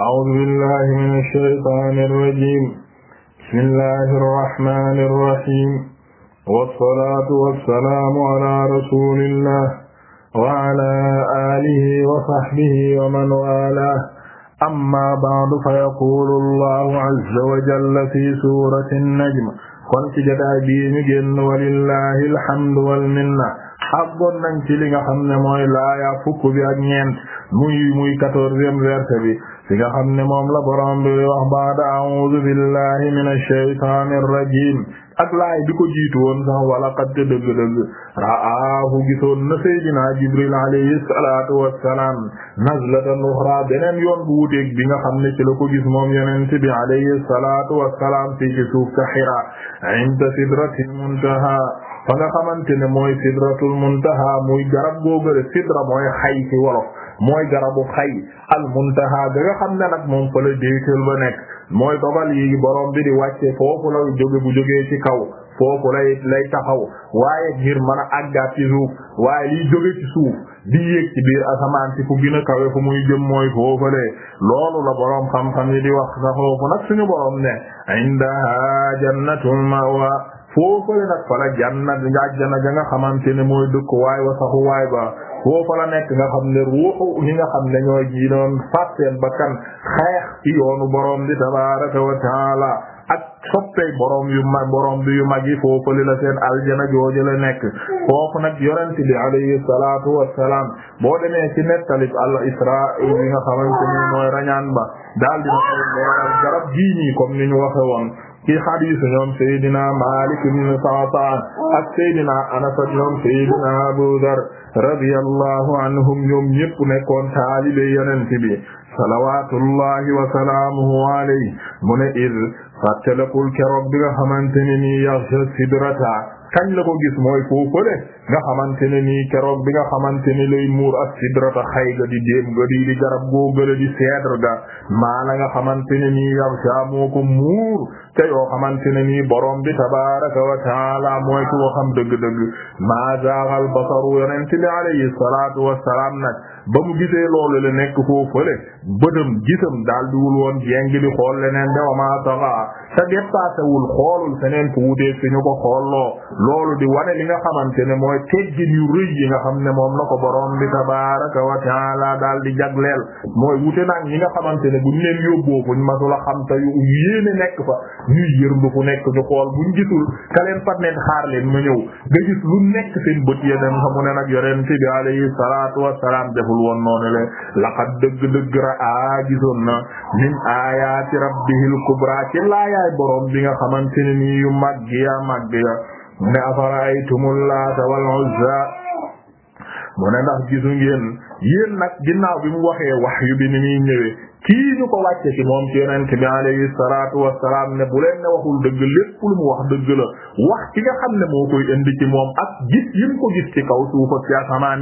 أعوذ بالله من الشيطان الرجيم بسم الله الرحمن الرحيم والصلاة والسلام على رسول الله وعلى آله وصحبه ومن والاه أما بعد فيقول الله عز وجل في سورة النجم kon ci jotaay bii ñu génn walillahi alhamdu wal minna àggoon nañ ci li nga xam ne mooy laaya fukk bi ak ñeent muy muy quatorzième verset bi fi nga xam ne moom la borom bi wax baada a'uudu billahi minash shaytaanir rajiim ak laay bi ko jiitu woon sax wala qad dëgg-dëgg ra'aahu gisoon na Seydina Jibril alayhi salaatu wassalaam nazlatan uxraa beneen yoon bu wuteeg bi nga xam ne ci la ko gis moom yonent bi alayhi salaatu wassalaam fii ci suuf ca Hiraa inda sidratil muntahaa fa nga xamante ne mooy sidratul muntahaa muy garab googale sidra mooy xay ci wolof mooy garabu xay al muntaha da nga xam ne nag moom fa la ba nekk mooy dogal yi borom bi di wàcce foofu la jóge bu jógee ci kaw foofu lay lay taxaw waaye ngir mën a àggaat ci suuf waaye liy jóge ci suuf di yéeg biir asamaan si fu gën a kawe muy jëm mooy foofale loolu la boroom xam-xam yi di wax sa foofu nag suñu boroom ne indaha jannatul mawa foofale nag fa la jannat ajjana ja nga xamante ne mooy dëkk waay wa saxu waay ba foofa la nekk nga xam ne ruuxu ñi nga xam ne ñooy jiinoon faat seen bakkan xeex ci yoonu boroom di tabaraka wa taala ak soppey boroom yu ma boroom bi yu mag yi foofali la seen aljana jooju la nekk foofu nag yonent bi alayhi salaatu wassalaam boo demee ci nettalib al isra yi nga xamante ni mooy rañaan ba daal dina koy leeral garab gii nii ni ñu waxe woon ci xadiisu ñoom Seydina Malik ibn Sa'sa'a ak Seydina Anas ak ñoom Seydina Abu Dar radiyallahu anhum ñoom ñépp nekkoon taalibe yonent bi salawaatullahi wa salaamuhu alayhi mu ne il fàttalakul keroog bi nga xamante ne nii yaxsha sidrata kañ la ko gis mooy foofale nga xamante ne nii keroog bi nga xamante ne lay muur ak sidrata xay ga di déem ga di di garab goo gëla di cèdre ga maana nga xamante ne nii yaw saa moo ko muur te yoo xamante ne nii borom bi tabaraka wa taala mooy ki ko xam dëgg-dëgg maa zaaxal basaru yonente bi alayhi salaatu wassalaam nag ba mu gisee loolu la nekk foofu fële bëtam gisam daal diwul woon jéng di xool leneen de wamaa taxa te dépassé wul xoolul feneen fu wuteeg fi ñu ko xoolloo loolu di wane mooy teggin yu rëy yi nga xam ne moom la ko borom bi tabaaraka wa taala daal di jagleel mooy wute nag ñi nga xamante ne buñ leen yóbboo fuñ masula xam te yu yéene nekk fa ñuy yërndu fu nekk ñu xool buñ gisul ka leen fa nekk xaar leen ma ñëw nga gis lu nekk seen bët ya dem xamu ne nag yonent bi alayhi salaatu wassalaam deful woon noonu le laqad dëgg dëgg ra a gisoon na min aayaati rabbihil kubra ci laayaay borom bi nga xamante ne nii yu mu ne afara'aytumul laata wal uzza mu ne ndax gisu ngeen yéen nag ginnaaw bi mu waxee wax yu bi ni muy ñëwee kii ñu ko wàcce ci moom ci yonent bi alayhi salaatu wassalaam ne bu leen ne waxul dëgg lépp lu mu wax dëgg la wax ci nga xam ne moo koy indi ci moom ak gis yi mu ko gis ci kaw suuf ak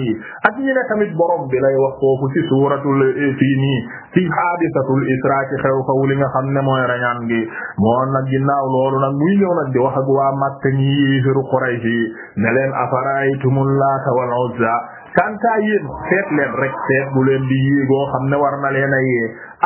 yi ak ñi ne borom bi wax foofu ci suuratul eh, fii nii ci xaadisatul isra ci xew xaw li nga xam ne mooy rañaan gi moon nag ginnaaw loolu nag muy ñëw wax ak waa Makka ñi yéefiru Quraysh yi ne leen afaraytumul Laata wal Uzza kanta yéen seet leen rek seet bu leen di yéegoo xam ne war na leen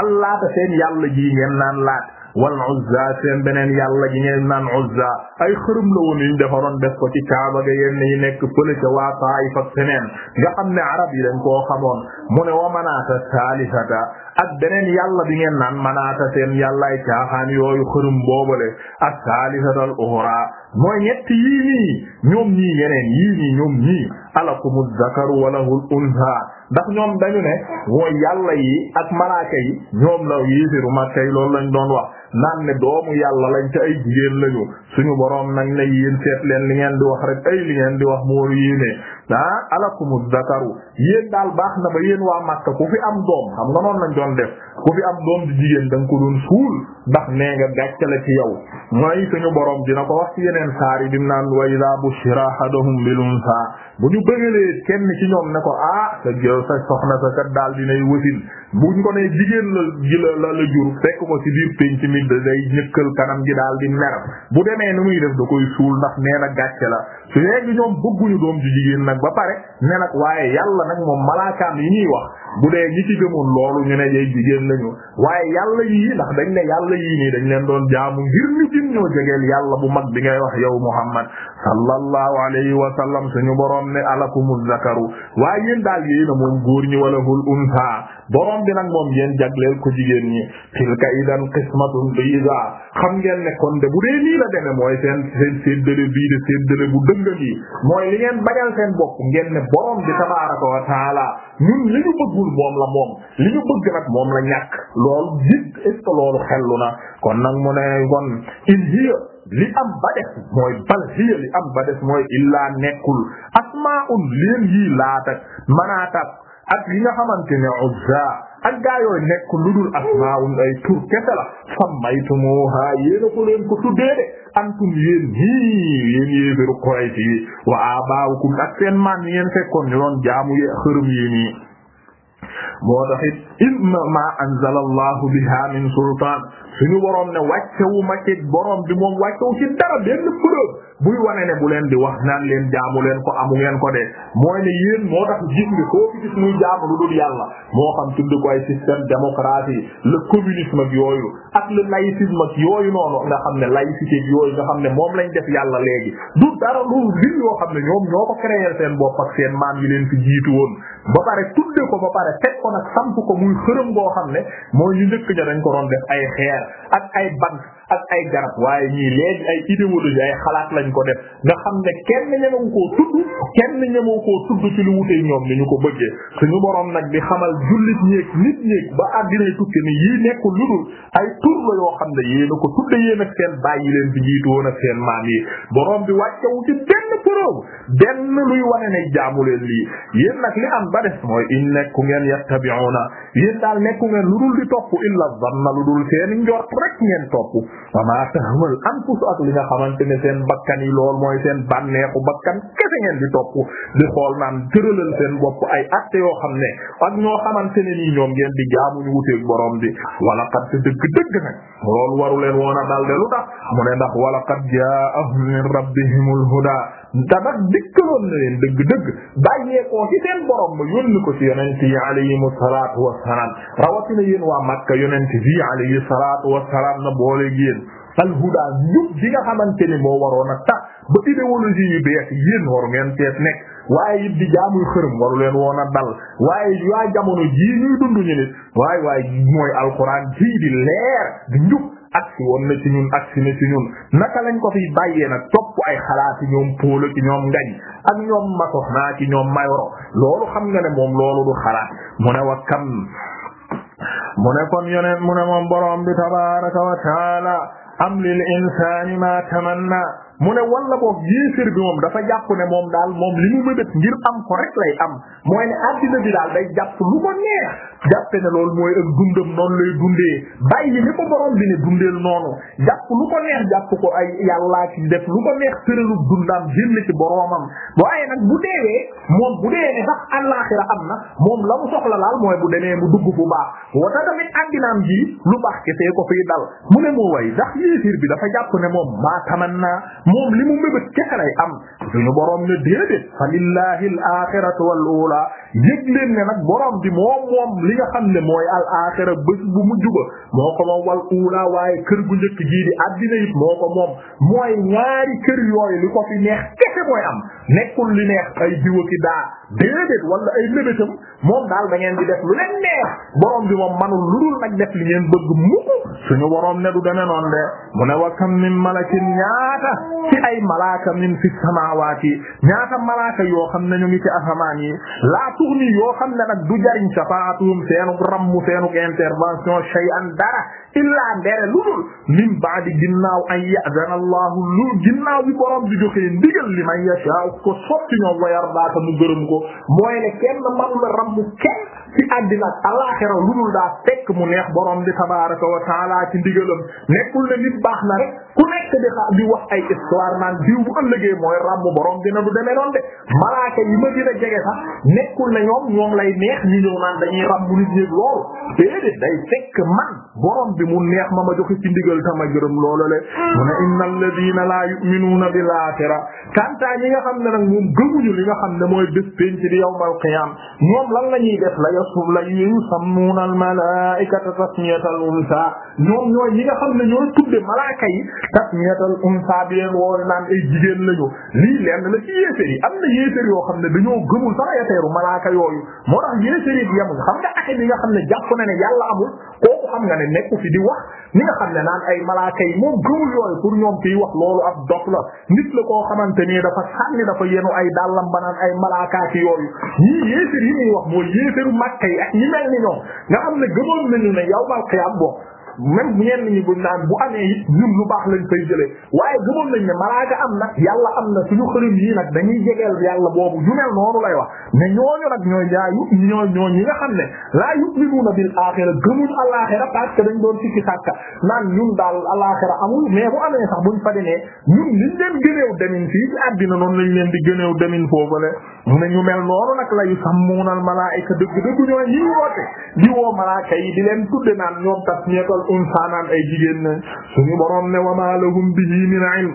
allaata seen yàlla ji ngeen naan laat wal uzza seen beneen yàlla ji ngeen naan uzza ay xërëm la woon yuñ defaroon def ko ci kaaba ga yenn yi nekk fële ca waa Taayif ak feneen nga xam ne arab yi dañ koo xamoon mu a wa manaata saalisata ak beneen yàlla bi ngeen naan manaata seen yàllaay caaxaan yooyu xërëm boobale ak saalisatal uxra mooy ñett yii nii ñoom ñii yeneen yii nii ñoom ñii alakumuz zakaru walahul unsa ndax ñoom dañu ne mooy yàlla yi ak malaaka yi ñoom la yéeséru Makka yi loolu lañ doon wax naan ne doomu yàlla lañ te ay jigéen lañu suñu boroom nañ ne yéen seet leen li ngeen di wax rek ay li ngeen di wax moo yéenee ah alakumu zakaru yéen daal baax na ba yéen waa Makka ku fi am doom xam nga noonu lañ doon def ku fi am doom di jigéen da ko doon suul ndax nee nga gàcce la ci yow mooy suñu borom dina ko wax saar yi dim naan wa iza bushira ahaduhum bil unsa bu ñu bëggalee kenn ci ne ko ah sa jow sa soxna sa kat daal dinay wasin buñ ko nee jigéen la ji la la jur fekk ko ci biir pénc mi day ñëkkal gi daal di mer bu demee ni muy def da ndax nee na gàcce la ñoom bëgguñu doom ji jigéen nag ba pare ne waaye yàlla nag moom malaakaam yi wax bu dee ñi ci gëmoon loolu ñu ne yey jigéen lañu waaye yàlla yii ndax dañ ne yàlla yii nii dañ leen doon jaamu ngir ñu gën ñoo jegeel yàlla bu mag bi ngay wax yow Muhammad sallallahu alayhi wa sallam suñu borom ne alakumu zakaru waaye yéen daal yéena moom góor ñi wala hul unsa borom bi nag moom ngeen jagleel ko jigéen ñi tilka idan qismatun diza xam ngeen ne kon de bu dee nii la deme mooy seen séddale bii de séddale bu dëngan yi mooy li ngeen bañal seen bopp ngeen ne borom bi tabaraka wa taala li ñu bëggul moom la moom li ñu bëgg nag moom la ñàkk loolu jit est-ce que loolu na kon nag mu ne kon in hiya li am ba des mooy bal hiya li am ba des mooy illaa nekkul asmaa'un leen yii laatak manaatak ak li nga xamante ne Uzza ak gaa yooyu nekk lu dul asmaa'un ay tur kese la sammaytumuha yéen a ko leen ko tuddee de antum yéen ñii yéen wa abaa'ukum ak seen maam yi ngeen fekkoon ñu doon jaamu xërëm yi moo taxit inna ma anzala Allahu biha min sultaan su suñu boroom ne wàccewu ma ci boroom bi moom wàccewu ci dara benn preuve buy wane ne bu leen di wax naan leen jaamu leen ko amu ngeen ko de mooy ne yéen moo tax gis nga koo fi gis muy jaamu lu dul yàlla moo xam tudd ko ay système démocratie le communisme ak yooyu ak le laïcisme ak yooyu noonu nga xam ne laïcité ak yooyu nga xam ne moom lañ def yàlla léegi du dara lu lim yoo xam ne ñoom ñoo ko créer seen bopp ak seen maam yi leen fi jiitu woon ba pare tudde ko ba pare teg ko ko muy xërëm boo xam ne mooy ñu njëkk ja dañ ko doon def ay xeer ak ay banque ak ay garab waaye ñii léegi ay idéologie ay xalaat lañ ko def nga xam ne kenn ñemewu koo tudd kenn ñemewu koo tudd ci lu wutee ñoom ni ñu ko bëggee suñu boroom nag di xamal jullit ñeek nit ñeek ba àddinay tukki ni yii nekkul lu dul ay tur la yoo xam ne yéena ko tudde yéen ak seen bàyyi leen fi jiitu woon ak seen maam yi boroom bi wàccewu ci benn preuve benn luy wane ne jaamu leen lii yéen nag li am ba des mooy in nekku ngeen yattabi'una yéen daal nekku ngeen lu dul di topp illa zanna lu dul seen njort rek ngeen topp wa ma tahmal anfus ak li nga xamante ne seen bakkan yi lool mooy seen bànneexu bakkan kese ngeen di topp di xool naan tëralal seen bopp ay acte yoo xam ne ak ñoo xamante ne nii ñoom ngeen di jaamu ñu wuteeg boroom bi wala qad dëgg dëgg nag loolu waru leen woon a te nag dikkaloon na leen dëgg-dëgg bàyyeekoo ci seen borom ba yónni ko ci yonent yi alayhimu salaatu wassalaam rawatina yéen waa Makka yonent yi alayhi salaatu wassalaam na boole yéen alhuda ñub di nga xamante ni moo waroon a tax ba idéologie yu bees yéen waru ngeen teet nekk waaye it di jaamuy xërëm waru leen woon a dal waaye waa jamono jii ñuy dund ñu nit waaye waaye mooy alxuraan jii di leer di njub agsi woon na ci ñun agsi na ci ñun naka lañ ko fi bàyyee nag topp ay xalaati ñoom póola ci ñoom ngañ ak ñoom masox naa ci ñoom mayoro loolu xam nga ne moom loolu du xalaat mu wa kam mu ne kon yoneen moom borom bi tabaraka wa taala am lil insaani ma tamanna mu ne la boog yéefér bi moom dafa jàpp ne moom daal moom li mu mébét ngir am ko rek lay am mooy ne addina bi daal day jàpp lu ko neex jàppe ne loolu mooy ak dundam noonu lay ko jàpp ko ay yàllaa ci def lu ko neex tëralu dundaam génn ci boromam waaye nag bu deewee moom bu dee ne sax àllaaxira am na moom la mu soxla laal mooy bu demee mu dugg bu baax wata tamit addinaam ji lu baax kese ko fii dal mu ne mu way ndax yéefér bi dafa jàpp ne moom maa taman naa moom li mu mébét kese lay am suñu borom ne déedéet fa lillahi al wal ula yëg leen ne nag borom bi moom moom li nga ne mooy al axira bés bu mujj ba moom wal ula waaye kër gu njëkk gii di addina it moo moom mooy ñaari kër yooyu li ko fi neex kese mooy am nekkul li neex ay diwa ki daa déedéet wala ay mébétam moom daal da ngeen di def lu leen neex borom bi moom manul lu dul nag def li ngeen bëgg mukk suñu borom ne du deme noon de mu ne wa kam min malakin ñaata ci ay malaaka min fi samaawaati ñaata malaaka yoo xam ne ñu ngi ci asamaan yi laa tuxni yoo xam ne nag du jariñ safaatuhum seenuk rammu seenuk intervention shay'an dara illaa ndere lu dul min baadi ginnaaw an ya'zana allahu lu ginnaaw bi borom bi joxee ko soppi ñoom wa yardaaka mu gërëm ko mooy ne kenn manu la rambu kenn ci àddina ak alaxira lu dul daa fekk mu neex borom bi tabaraka wa taala ci ndigalam nekkul ne nit baax na rek ku nekk di xa di wax ay histoire naan diw bu ëllëgee mooy ràmm borom dina du demee noonu de malaaka yi ma dina jege sax nekkul ne ñoom ñoom lay neex ñu ñëw naan dañuy ràmm nit ñi loolu déedéet day fekk man borom bi mu neex ma ma joxe ci ndigal sama gërëm loolu le mu ne innal ladina la yu'minuna bil akhirah kanta ñi nga xam ne nag moom gëmuñu nga xam ne mooy bés penc di yawmal qiyam yasla yusammuuna al malaa'ikata tasmiyatal unsaa ñoom ñooy ñi nga xam ne ñooy tudde malaaka yi tasmiyatal unsaa bi leen woo naan ay jigéen lañu lii lenn la ci yéefér am na yéefér yoo xam ne dañoo gëmul sax yeteeru malaaka yooyu moo tax yéefér yi xam nga ate bi nga xam ne jàpp na ne yàlla amul xam nga ne nekku fi di wax ñi nga xam ne naan ay malaaka yi moom gëmul yooyu pour ñoom kiy wax loolu ab dof la nit la koo xamante nii dafa sànni dafa yenu ay dàllam banaan ay malaaka ki yooyu ñii yéefér yi ñuy wax mooy yéeféru Makka yi ak ñi mel ni ñoom nga xam ne gëmoon nañu ne yawmal qiyaam bo même ñenn ñi buñ naan bu amee it ñun lu baax lañ fay jëlee waaye gëmoon nañ ne malaaka am na yàlla am na suñu xërim yi nag dañuy jegeel yàlla boobu yu mel noonu lay wax ne ñooñu nag ñooy yaa yu ñoo ñoo ñi nga xam ne laa yu'minuuna bil aaxira gëmuñ alaaxira parce que dañ doon sikki sàkka naan ñun daal alaaxira amul mais bu amee sax buñ fa demee ñun liñ leen gëneew demin fii ci àddina noonu lañ leen di gëneew demin foofale mu ne ñu mel noo nag la yusammuuna al malaa'ika dëgg dëgg ñooy di woo malaaka naan ñoom tas insaanaan ay jigéen ne suñu borom ne wa ma lahum bihi min ilm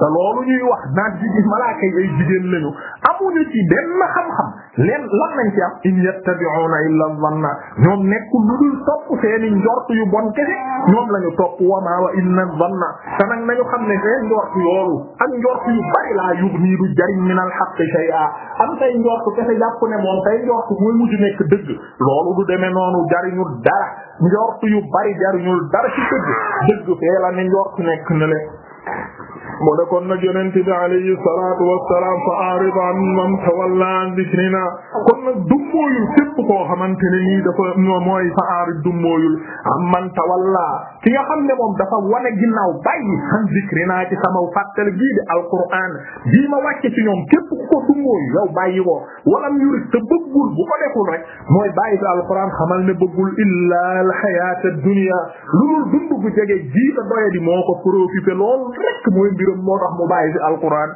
te loolu ñuy wax naan ci gis malaaka yi ay jigéen lañu amuñu ci benn xam-xam leen lan lañ ci am in yattabi'una illa dhanna ñoom nekkul lu dul topp seeni njort yu bon kese ñoom lañu topp wamaa wa inna dhanna te nag nañu xam ne seen njort yoolu ak njort yu bari laa yughni du jariñ min al haqq shay'a am tay njort kese jàpp ne moom tay njort mooy mujj nekk dëgg loolu du demee noonu jariñu dara njort yu bari jariñul dara ci dëgg dëgg fee ne njort nekk na le mu ne nag yonent bi alayhi salaatu wassalaam fa a'rid an man tawalla an dikrina kon nag dummóoyul képp koo xamante ne nii dafa mooy fa a'rid dummóoyul an man tawalla ki nga xam ne moom dafa wane ginnaaw bàyyi an dikrina ci sama fàttali gii di alquran bii ma wàcce ci ñoom képp ku ko dummóoyu yow bàyyi ko walam yurid te bëggul bu ko deful rek mooy bàyyi fi alquran xamal ne bëggul illa al hayata dunya lu dul dund gu jege ji ta doye di moo ko mooy mbiram moo tax mu bàyyi fi alquran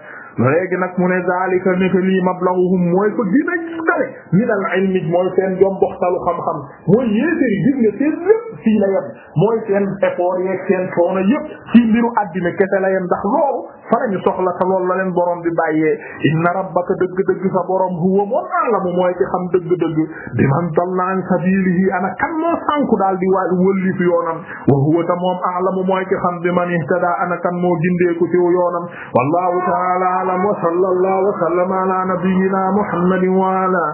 léegi nag mu ne zalika ne que lii mablaghum mooy fa gën a kale min al ilmi mooy seen jomboxtalu xam-xam mooy yéesee gis nga seen lépp fii la yem mooy seen effort yeeg seen coono yëpp ci mbiru addina kese la yem ndax loolu fa lañu soxla te loolu la leen borom bi bàyyee inna rabbaka dëgg-dëgg sa borom huwa moom alamu mooy ci xam dëgg-dëgg bi man dalla an sabilihi ana kan moo sànku daal di waa wëllif yoonam wa huwa ta moom alamu mooy ci xam bi man ihtada ana kan moo gindeeku ci yoonam wallahu ta'ala alam wa sallallahu wa sallama ala nabiyyina muhammadin wa ala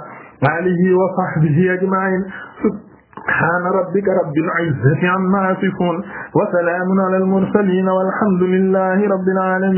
alihi wa sahbihi ajma'in subhana rabbika rabbil izzati amma yasifun wa salamun ala al mursalin walhamdulillahi rabbil alamin